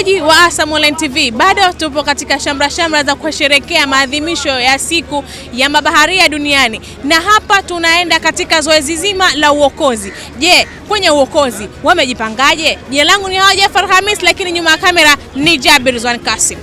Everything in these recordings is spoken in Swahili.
Mtazamaji wa Asam Online TV, bado tupo katika shamra shamra za kusherekea maadhimisho ya siku ya mabaharia duniani, na hapa tunaenda katika zoezi zima la uokozi. Je, kwenye uokozi wamejipangaje? Jina langu ni Hawaja Farhamis, lakini nyuma ya kamera ni Jabir Zwan Kasim.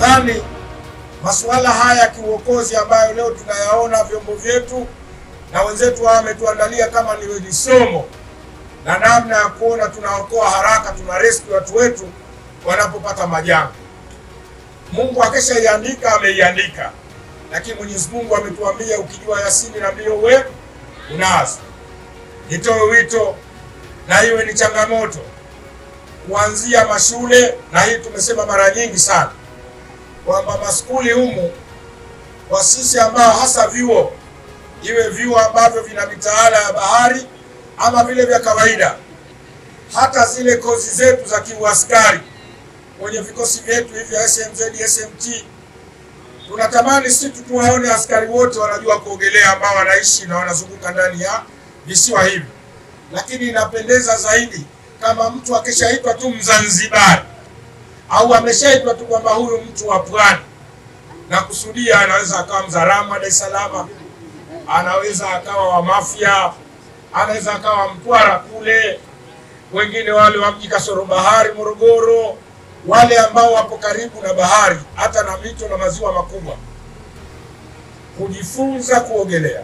Nadhani masuala haya ya kiuokozi ambayo leo tunayaona vyombo vyetu na wenzetu wametuandalia kama ni somo na namna ya kuona tunaokoa haraka, tuna rescue watu wetu wanapopata majanga. Mungu akishaiandika ameiandika, lakini Mwenyezi Mungu ametuambia ukijua Yasini na mbio we unazo. Nitoe wito na iwe ni changamoto kuanzia mashule, na hii tumesema mara nyingi sana kwamba maskuli humu kwa sisi ambao hasa vyuo, iwe vyuo ambavyo vina mitaala ya bahari ama vile vya kawaida, hata zile kozi zetu za kiuaskari kwenye vikosi vyetu hivi vya SMZ, SMT, tunatamani sisi tuwaone askari wote wanajua kuogelea ambao wanaishi na wanazunguka ndani ya visiwa hivi, lakini inapendeza zaidi kama mtu akishaitwa tu Mzanzibari au ameshaitwa tu kwamba huyu mtu wa pwani na kusudia, anaweza akawa mzalama Dar es Salaam, anaweza akawa wa Mafia, anaweza akawa Mtwara kule, wengine wale wa mji kasoro bahari Morogoro, wale ambao wapo karibu na bahari hata na mito na maziwa makubwa, kujifunza kuogelea,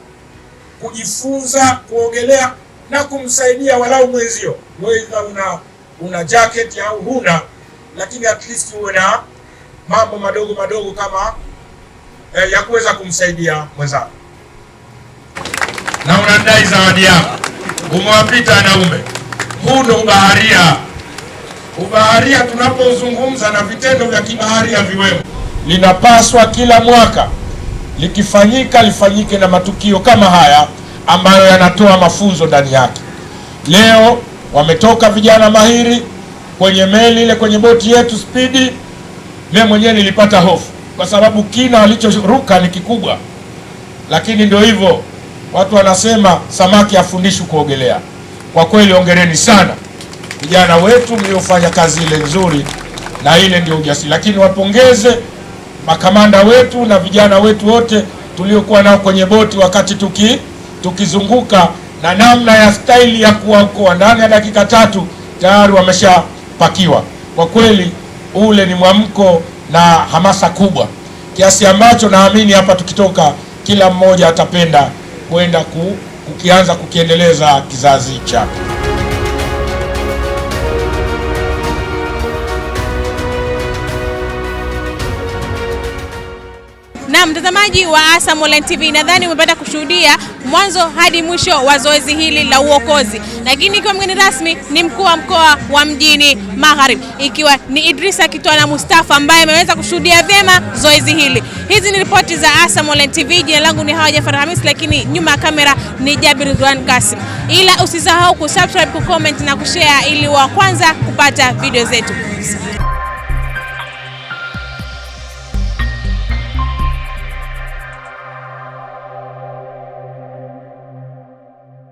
kujifunza kuogelea na kumsaidia walau mwenzio, wewe una una jacket au huna lakini at least uwe na mambo madogo madogo kama eh, ya kuweza kumsaidia mwenzako, na unadai zawadi yako, umewapita wanaume. Huu ndo ubaharia. Ubaharia tunapozungumza na vitendo vya kibaharia viwemo, linapaswa kila mwaka likifanyika lifanyike na matukio kama haya ambayo yanatoa mafunzo ndani yake. Leo wametoka vijana mahiri kwenye meli ile, kwenye boti yetu Spidi, mimi mwenyewe nilipata hofu kwa sababu kina alichoruka ni kikubwa, lakini ndio hivyo, watu wanasema samaki hafundishi kuogelea. Kwa kweli, ongereni sana vijana wetu mliofanya kazi ile nzuri, na ile ndio ujasiri. Lakini wapongeze makamanda wetu na vijana wetu wote tuliokuwa nao kwenye boti wakati tuki tukizunguka, na namna ya staili ya kuwaokoa ndani ya dakika tatu tayari wamesha pakiwa. Kwa kweli ule ni mwamko na hamasa kubwa kiasi ambacho naamini hapa tukitoka, kila mmoja atapenda kwenda ku, kukianza kukiendeleza kizazi chake. Mtazamaji wa ASAM Online TV, nadhani umepata kushuhudia mwanzo hadi mwisho wa zoezi hili la uokozi, lakini ikiwa mgeni rasmi ni mkuu wa mkoa wa Mjini Magharibi, ikiwa ni Idrisa Kitwana Mustafa ambaye ameweza kushuhudia vyema zoezi hili. Hizi ni ripoti za Asam Online TV. Jina langu ni Hawa Jafar Hamis, lakini nyuma ya kamera ni Jabir Ridwan Kasim, ila usisahau kusubscribe, kucomment na kushare ili wa kwanza kupata video zetu.